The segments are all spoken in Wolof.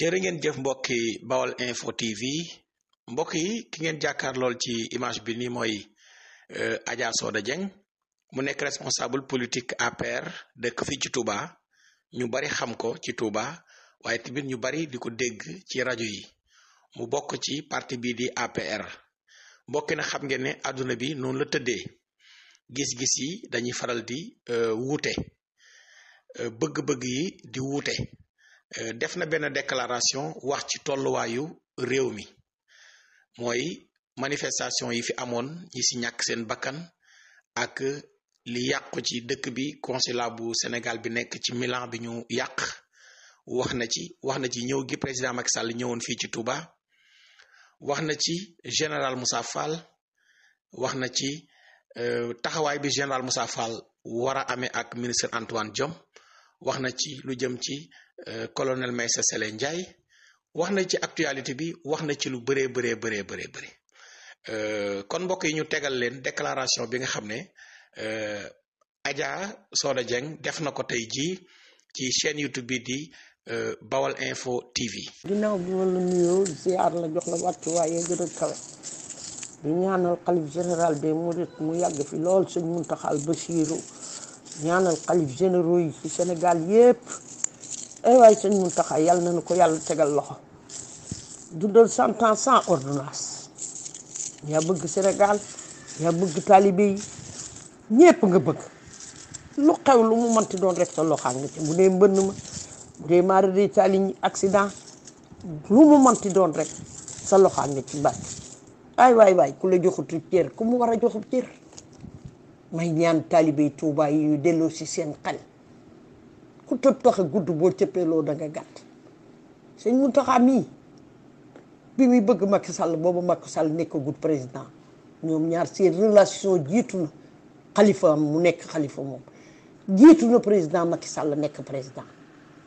jërë ngeen jëf mbokki Baol Info TV mbokk yi ki ngeen jàkkaar lool ci image bi nii mooy euh, Adja Soda Dieng mu nekk responsable politique APR dëkk fii ci Touba ñu bari xam ko ci Touba waaye tamit ñu bari di ko dégg ci rajo yi mu bokk ci parti bii di APR mbokki na xam ngeen ne àdduna bi noonu la tëddee gis-gis yi dañuy faral di euh, wuute euh, bëgg-bëgg yi di wuute Euh, def na benn déclaration wax ci tolluwaayu réew mi mooy manifestation yi fi amoon ñi ci ñàkk seen bakkan ak li yàqu ci dëkk bi consulat bu Sénégal bi nekk ci Milan bi ñu yàq wax na ci wax na ci ñëw gi président Macky Sall ñëwoon fii ci Touba wax na ci général Moussa Fall wax na ci euh, taxawaay bi général Moussa Fall war a amee ak ministre Antoine Diome wax na ci lu jëm ci euh, colonel Maysa Sele Ndiaye wax na ci actualité bi wax na ci lu bëree bëree bëree bëree bëri euh, kon mbokk yi ñu tegal leen déclaration bi nga xam ne euh, Adja Soda Dieng def na ko tey jii ci chaîne YouTube bi di Bawal Info TV. ginnaaw bi ma la ziar la jox la wàccuwaay yi gën a kawe di ñaanal xalif général des mu yàgg fi lool sëñ Muntaxal Basiiru ñaanal xalif généraux yi ci Sénégal yépp ay eh waay sëñ Muntaxa yàlla nañu ko yàlla tegal loxo dundal santan ans sans ordonnance yaa bëgg Sénégal yaa bëgg taalibe yi ñépp nga bëgg lu xew lu mu mënti doon rek sa loxo nga ci bu dee mbënn ma bu dee maara de accident lu mënti doon rek sa loxo nga ci bàcc ay waay waay ku la joxutu cër ku mu war a joxub may ñaan taalibey Tuubaa yi ñu delloo si seen xel ku tëb gudd boo cëppeeloo da nga gàtt sëñ tax ami bi muy bëgg Macky Sall boobu Macky Sall nekkagul président ñoom ñaar seen relation jiitu na xalifa mu nekk xalifa moom jiitu na président Macky Sall nekk président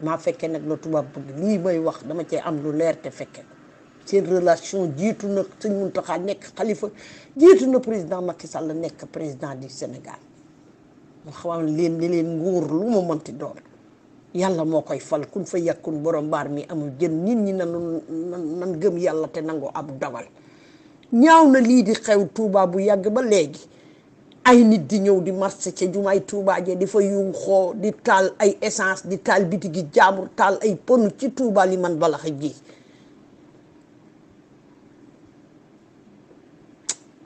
maa fekkee nag la tubaab bëgg lii may wax dama cee am lu leer te fekke seen relation jiitu na sëñ Mountakha nekk xalifa jiitu na président Macky Sall nekk président di Sénégal mu xamal leen ne leen nguur lu mu mënti doon yàlla moo koy fal kun fa yàkkun borom mbaar mi amul jën nit ñi nanu nan gëm yàlla te nangoo ab dogal ñaaw na lii di xew Touba bu yàgg ba léegi ay nit di ñëw di marché ca jumaay Touba ja di fa yuuxoo di taal ay essence di taal bitigi jaamur taal ay pënu ci Touba li man balaxa jii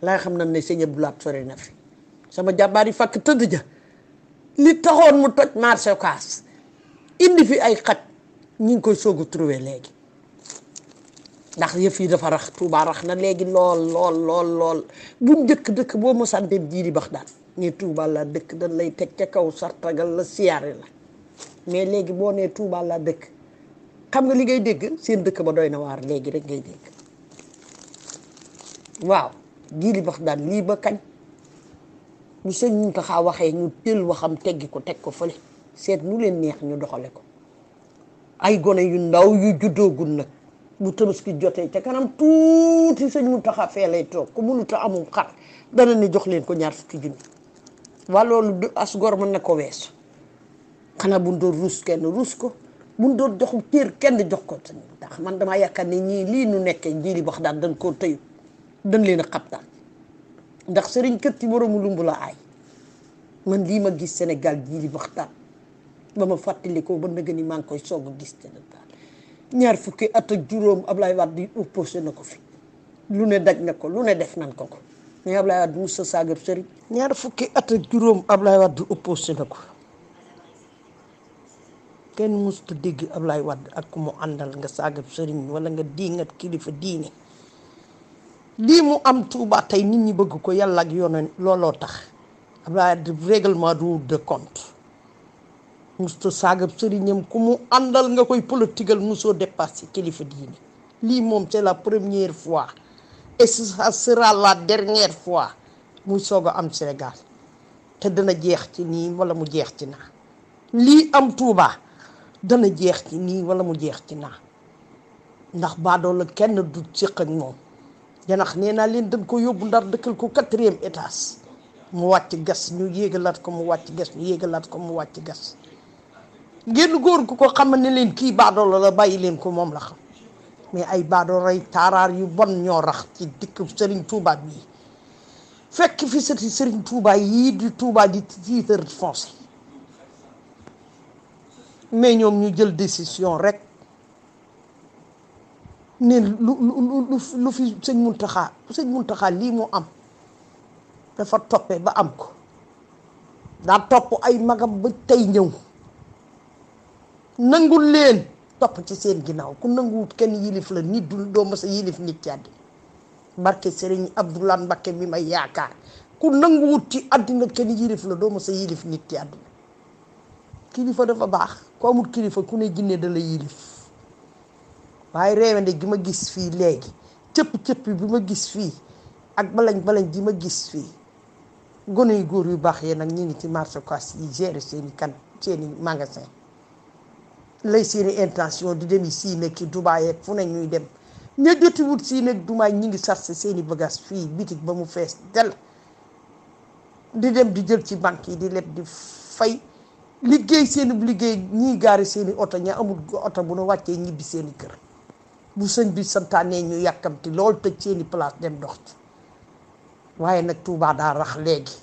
laa xam na ne sëñ Abdou Lahad sori na fi sama jàmbaar yi fàkk tëdd ja li taxoon mu toj marché Ocass indi fi ay xaj ñi ngi koy soog a trouvé léegi ndax yëf yi dafa rax Touba rax na léegi lool lool lool lool bu njëkk dëkk boo mosaan dem jii di bax daal ne Touba la dëkk dañ lay teg ca kaw sartagal la siyaare la mais léegi boo nee Touba la dëkk xam nga li ngay dégg seen dëkk ba doy na waar léegi rek ngay dégg waaw jiili bax daan lii ba kañ bu sëñ mun taxaa waxee ñu tël waxam teggi ko teg ko fële seet nu leen neex ñu doxale ko ay gone yu ndaw yu juddoogul nag bu tabaski jotee ca kanam tuuti sëñ mun taxaa fee lay toog ku mënut a amul xar dana ne jox leen ko ñaar fukki junni waa loolu gor mën na ko weesu xanaa bu doon ruus kenn ruus ko mun doon joxu téer kenn jox ko sëñ man damaa yaakaar ne ñii lii nu nekkee jiili bax daan dañ koo tëyu dañ leen a xabtal ndax sëriñ kët ci moroomu lumb man lii ma gis senegal jii di waxtaan ba ma fàttalikoo ba nëgë ni maa ngi koy soog a gis Sénégal ñaar fukki at juróom Ablaye Wade di opposé na ko fi lu ne ko lu ne def nan ko ko mais Ablaye ñaar fukki at juróom Ablaye Wade di opposé na ko kenn musta dégg Ablaye Wade ak ku mu àndal nga saagab sëriñ wala nga diingat kilifa diine lii mu am tuuba tey nit ñi bëgg ko yàlla ak yonen looloo tax Abdoulaye règlement de wut de compte musta saagab sëriñam ku mu àndal nga koy politigal musoo dépassé kilifa diini lii moom c'est la première fois et ça sera la dernière fois muy soog a am Sénégal te dana jeex ci nii walla mu jeex ci naa lii am Touba dana jeex ci nii wala mu jeex ci naa ndax baadoo kenn du séq ak moom janax nee naa leen dañ ko yóbbu ndar dëkkal ko quatrième étage mu wàcc gas ñu yéegalaat ko mu wàcc gas ñu yéegalaat ko mu wàcc gas ngeen góor gu ko xamal ne leen kii baadoola la bàyyi leen ko moom la xam mais ay baadoo rey taaraar yu bon ñoo rax ci dikk Serigne Touba bii fekk fi sëti Serigne Touba yii di Touba di titre foncé mais ñoom ñu jël décision rek ne lu lu lu fi sëñ Muntaxa sëñ Muntaxa lii moo am dafa toppe ba am ko daa topp ay magam ba tey ñëw nangul leen topp ci seen ginnaaw ku nanguwut kenn yilif la nit du doo mës a yilif nit ci àddina barke Sëriñ Abdoulaye Mbakke mi may yaakaar ku nanguwut ci àddina kenn yilif la doo mës a yilif nit ci àddina kilifa dafa baax ku amul kilifa ku ne jinne da la yilif waaye réewande bi ma gis fii léegi cëpp-cëpp bi ma gis fii ak balañ balañ gi ma gis fii gone yu góor yu baax yee nag ñi ngi ci marché Ocass yi gérer seeni kan seeni magasin lay seeni intention di dem yi sii nekk du ak fu nañ ñuy dem ña jotiwut sii nekk Dubaay ñu ngi sarse seeni bagage fii bitig ba mu fees del di dem di jël ci banque yi di leb di fay liggéey seeni liggéey ñii gaari seeni oto ña amul oto bu nu wàccee ñibbi seeni kër bu sëñ bi santaanee ñu yàkkamti lool te seeni place dem dox ci waaye nag Touba daa rax léegi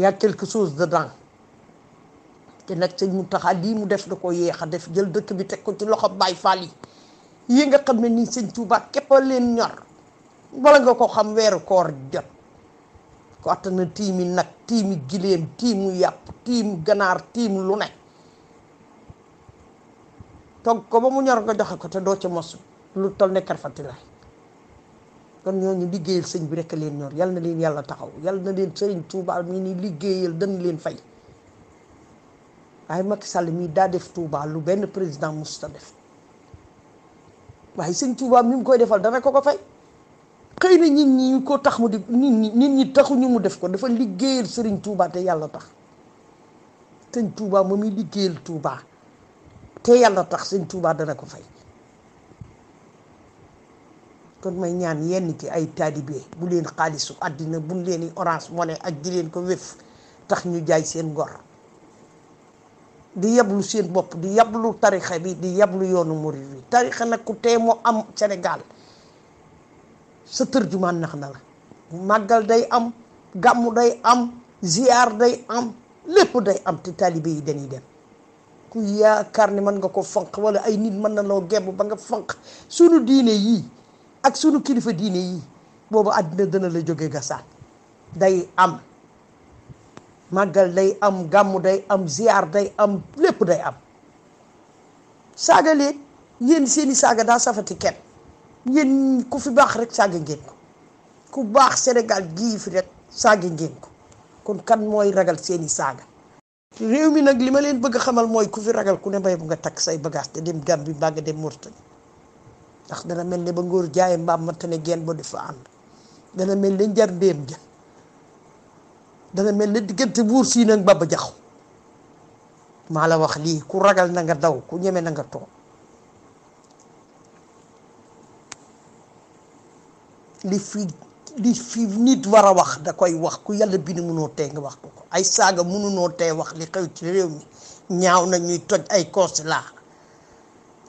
y a quelque chose dedans te nag sëñ Mountakha lii mu def da ko yéex a def jël dëkk bi teg ko ci loxo Baay Faal yi yi nga xam ne nii sëñ Touba képp a leen ñor wala nga ko xam weeru koor jot ko attana tiimi nag tiimi gileem tiimu yàpp tiimu ganaar tiim lu nekk togg ko ba mu ñor nga joxe ko te doo ci mos lu tol ne karfati la kon ñooñu liggéeyal sëñ bi rekk leen ñor yal na leen yàlla taxaw yal na leen sëriñ Touba mii ni liggéeyal dana leen fay waaye Macky Sall mii daa def tuubaal lu benn président musta def waaye sëñ Touba mi mu koy defal dana ko ko fay xëy na nit ñi ko tax mu di nit ñi nit ñi taxuñu mu def ko dafa liggéeyal sëriñ Touba te yàlla tax sëñ Touba moom muy liggéeyal tuubaa te yàlla tax sëñ Tuubaa dana ko fay kon may ñaan yenn ci ay taalibe bu leen xaalisu àddina bu leen orange money ak di ko wéf tax ñu jaay seen ngor di yablu seen bopp di yablu tarixa bi di yablu yoonu murid bi tarixa nag ku tee moo am Sénégal sa tërjumaan nax na la màggal day am gàmmu day am ziyaar day am lépp day am ti taalibe yi dañuy dem ku kar ne mën nga ko fanq wala ay nit mën na loo gemb ba nga fanq sunu diine yii ak sunu kilifa diine yii boobu àddina dana la jóge gasaan day am màggal day am gàmmu day am ziar day am lépp day am saaga leen yéen seeni saaga daa safati kenn yéen ku fi baax rek saaga ngeen ko ku baax senegal gii fi rek saaga ngeen ko kon kan mooy ragal seeni saaga réew mi nag li ma leen bëgg xamal mooy ku fi ragal ku ne mbay bu nga takk say bagage te dem gàm bi mbàgg dem Mauritanie ndax dana mel ne ba ngóor jaaye mbaam ma tane geen ba di fa ànd dana mel ne ja dana mel ne diggante buur siin ak Baba Jaxu maa la wax lii ku ragal na nga daw ku ñeme na nga toog li fii li fi nit war a wax da koy wax ku yàlla bind mënoo tee nga wax ko ay saaga mënunoo tee wax li xew ci réew mi ñaaw na ñuy toj ay consulat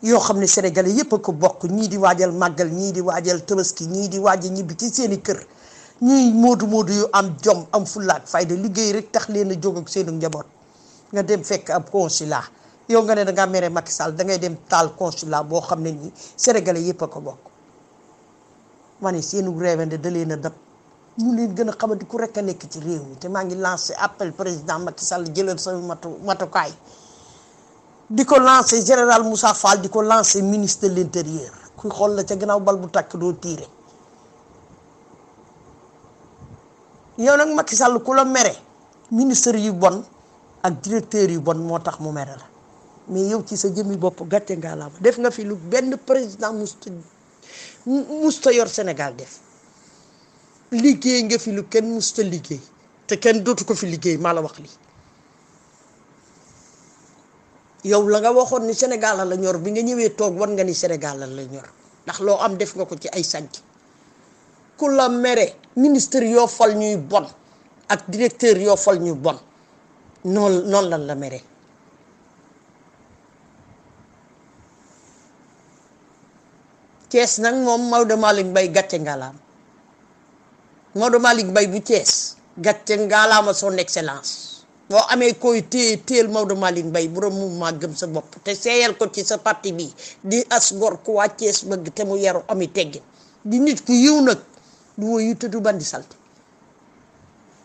yoo xam ne sénégalais yépp a ko bokk ñii di waajal màggal ñii di waajal tabaski ñii di waaj ñibbi ci seeni kër ñii moodu moodu yu am jom am fulaak fayda liggéey rek tax leen jóg ak seenu njaboot nga dem fekk ab consulat yow nga ne dangaa ngaa mere Macky Sall da ngay dem taal consulat boo xam ne nii sénégalais yépp a ko bokk ma ne seenu réewande da leen a dab ñu leen gën a xamante ku rek a nekk ci réew mi te maa ngi lancé appel président Macky Sall jëlal sa matu matukaay di ko lancé général Moussa Fall di ko lancé ministre de l'intérieur kuy xool la ca gannaaw bal bu tàkk doo tiire yow nag Macky Sall ku la mere ministre yu bon ak directeur yu bon moo tax mu mere la mais yow ci sa jëmmi bopp gàcce ngaa la def nga fi lu benn président mus musta yor Sénégal def liggéey nga fi lu kenn musta liggéey te kenn dootu ko fi liggéey maa la wax lii yow la nga waxoon ni Sénégal la ñor bi nga ñëwee toog wan nga ni Sénégal la ñor ndax loo am def nga ko ci ay sànc ku la mere ministre yoo fal ñuy bon ak directeur yoo fal ñuy bon noonu noonu lan la mere Thiès nag moom Maodo Malick Mbaye gàcce ngalaam Maodo Malick Mbaye bu Thiès gàcce ngalaama son excellence boo amee koy téye téyel Maodo Malick Mbaye borom mouvement gëm sa bopp te seeyal ko ci sa parti bi di as gor ku waa Thiès bëgg te mu yaru ami teggin di nit ku yiw nag du woyu te du bandi salte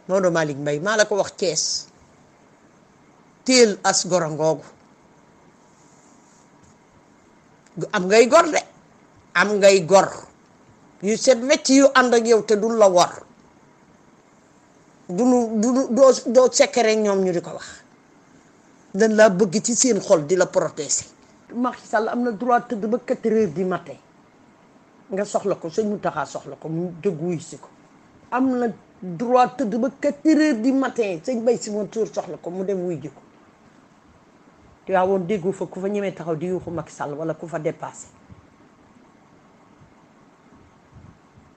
Maodo Malick Mbaye maa la ko wax cees téyel as gor a ngoogu am ngay gor de am ngay gor yu set metti yu ànd ak yow te du la wor du du doo doo sekkere ñoom ñu di ko wax dañ laa bëgg ci seen xol di la protéger. Macky Sall am na droit tëdd ba quatre di du matin nga soxla ko sëñ Mountakha soxla ko mu jóg wuy si ko am na droit tëdd ba quatre heures du matin sëñ Bay si woon tuur soxla ko mu dem wuy ji ko. yaa woon déggu fa ku fa ñemee taxaw di yuuxu Macky Sall wala ku fa dépassé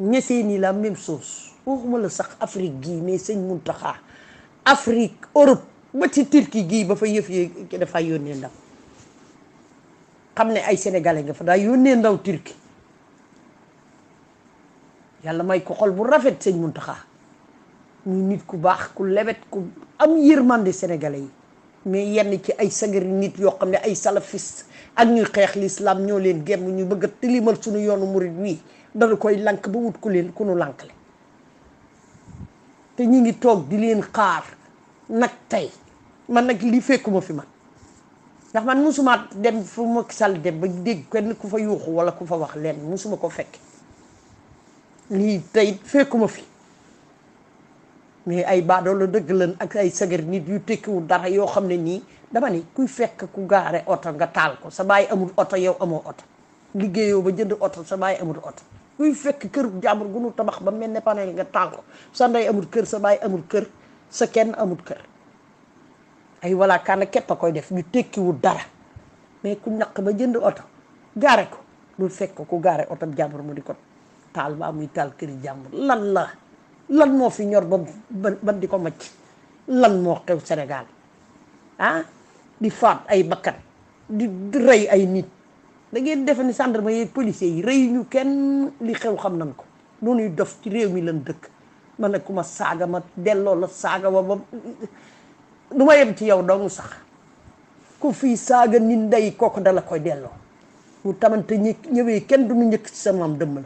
ñeseen nii la même soos waxuma la sax Afrique gii mais sëñ muntaxaa Afrique Europe ba ci gii ba fa yëf yi dafay yónnee ndaw xam ne ay sénégalais nga fa daa yónnee ndaw Turquie yàlla may ko xol bu rafet sëñ Muntaxa muy nit ku baax ku lebet ku am yërmande sénégalais yi mais yenn ci ay sagari nit yoo xam ne ay salafiste ak ñuy xeex l'islam ñoo leen gémm ñu bëgg a tilimal sunu yoonu murid wii danu koy lank ba wut ku leen kunu lank le te ñu ngi toog di leen xaar nag tey man nag li fekkuma fi man ndax man musuma dem fu Macky Sall dem ba dégg kenn ku fa yuuxu wala ku fa wax leen musuma ko fekk lii tey fekkuma fi mais ay baadoolo dëgg lan ak ay sagar nit yu tekkiwul dara yoo xam ne nii dama ne kuy fekk ku gaare oto nga taal ko sa baay amul oto yow amoo oto liggéeyoo ba jënd oto sa baay amul oto kuy fekk kër jàmbur gu nu tabax ba mel ne panel nga taal ko sa ndey amul kër sa baay amul kër sa kenn amul kër ay walla kaana képp a koy def ñu tekkiwul dara mais ku ñaq ba jënd oto gaare ko lu fekk ku gaare oto jàmbur mu di ko taal baa muy taal këri jàmbur lan la lan moo fi ñor ba ba di ko macc lan moo xew senegal ah? di faat ay bakkan di rey ay nit da ngeen defe ni gendarme yeeg policiers yi rëy ñu kenn li xew xam nañ ko noonuy dof ci réew mi lan dëkk ma na ku ma saaga ma delloo la saaga wa ba du ma yem ci yow dong sax ku fii saaga ni ndey kooku dala koy delloo bu tamante ñi ñëwee kenn du mu njëkk ci sa maam dëmm la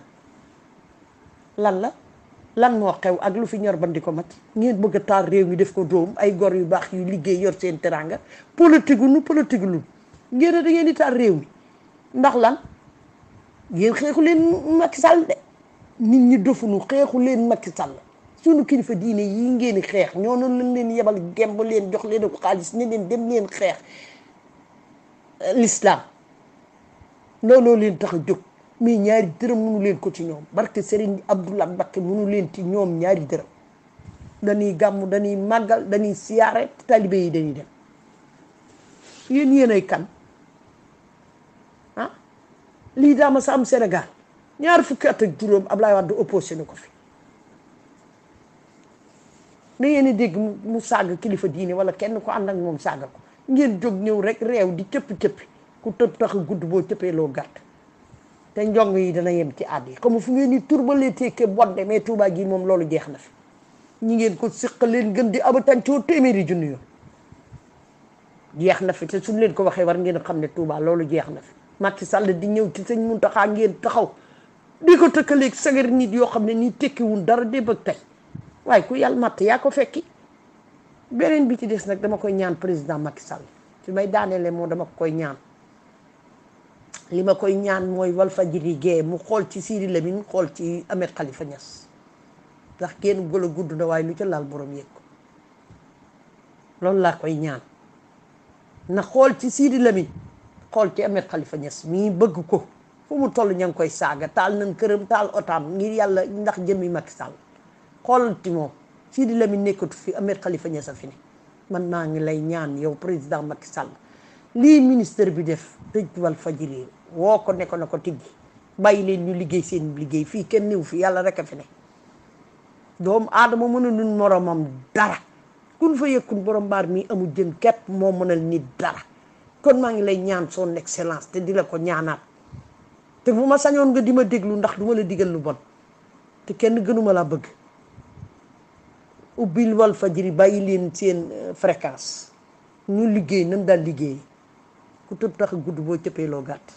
lan la lan moo xew ak lu fi ñor bandi ko mat ngeen bëgg a taal réew mi def ko doom ay gor yu baax yu liggéey yor seen teraanga politique nu politique lu ngeen da ngeen di taal réew mi ndax lan yéen xeexu leen Macky Sall de nit ñi defuñu xeexu leen Macky Sall sunu kilifa diine yi ngeen xeex ñoo noonu lañ leen yebal gemb leen jox leen xaalis ne leen dem leen xeex l'islam looloo leen tax a jóg mais ñaari dërëm mënu leen ko ci ñoom barke Serigne Abdoulaye Mbacké mënu leen ci ñoom ñaari dërëm dañuy gàmm dañuy màggal dañuy siyaare talibé yi dañuy dem yéen yéen kan lii daa ma sa am Sénégal ñaar fukki at ak juróom Ablaye Wade opposé na ko fi na ngeen di dégg mu saaga kilifa diine wala kenn ko ànd ak moom saaga ko ngeen jóg ñëw rek réew di cëppi cëppi ku tëb tax gudd boo cëppee loo gàtt te njong yi dana yem ci àdd yi comme fu ngeen ni turbalee teeke bodde mais Touba gi moom loolu jeex na fi ñi ngeen ko siqa leen gën di abatantoo téeméeri junni yoon jeex na fi te suñ leen ko waxee war ngeen xam ne tuubaa loolu jeex na fi Macky Sall di ñëw ci sëñ Mountakha ngeen taxaw di ko tëkkaleek sagar nit yoo xam ne nii tekkiwul dara dee bëgg tey waaye ku yàlla matt yaa ko fekki beneen bi ci des nag dama koy ñaan président Macky Sall fi may daaneele moo dama koy ñaan li ma koy ñaan mooy Walfadjri gee mu xool ci Sidi Lamine xool ci Ahmed Khalifa Niass ndax génn gula gudd na waaye lu ca laal borom yëg ko loolu laa koy ñaan na xool ci Sidi Lamine xool ci Ahmed Khalifa Niass mii bëgg ko fu mu toll ña ngi koy saaga taal nañ këram taal otaam ngir yàlla ndax jëmmi makki Sall xool ci moom Sidi Lamine nekkatu fi amet Khalifa Niass a fi ne man maa ngi lay ñaan yow président Macky Sall lii ministre bi def tëj Walfadjri woo ko ne ko na ko tiggi bàyyi leen ñu liggéey seen liggéey fii kenn niw fi yàlla rekk a fi ne doomu aadama mën a nun moromam dara kun fa yëkkun borom mbaar mii amul jën kepp moo mënal nit dara kon maa ngi lay ñaan son excellence te di la ko ñaanaat te bu ma sañoon nga di ma déglu ndax du ma la digal lu bon te kenn gënuma laa bëgg ubbil wal fajiri bàyyi leen seen euh, fréquence ñu liggéey nan daal liggéey ku tëb tax gudd boo cëppee loo gàtt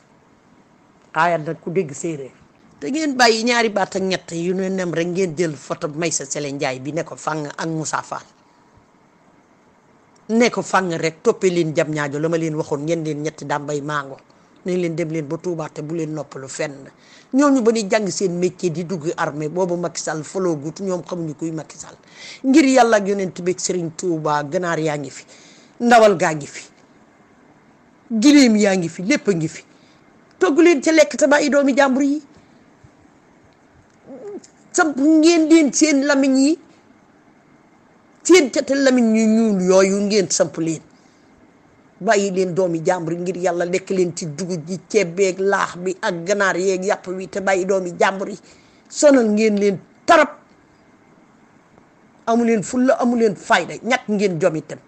aayat nag ku dégg séeréer te ngeen bàyyi ñaari baat ak ñett yu ne nem rek ngeen jël photo Maysa Sele Njaay bi ne ko fàng ak Moussa Fall ne ko rek toppee leen jam ñaajo la ma leen waxoon ngeen leen ñetti dambay mango nañ leen dem leen ba Touba te bu leen noppalu fen fenn ñu ba ñuy jàng seen métier di dugg armée boobu Macky sal faloo gut ñoom xamuñu kuy makki sal ngir yàlla ak yonent bi ak Serigne Touba ganaar yaa ngi fi ndawal gaa ngi fi gileem yaa ngi fi lépp a ngi fi togg leen ci lekk te bàyyi doomi jàmbur yi sa ngeen leen seen lamiñ yi seen cati lamiñ ñu ñuul yooyu ngeen samp leen bàyyi leen doomi jàmbur ngir yàlla lekk leen ci dugub ji ceeb beeg laax bi ak ganaar yeeg yàpp wi te bàyyi doomi jàmbur yi sonal ngeen leen tarab amu leen fulla amu leen fayda ñàkk ngeen jom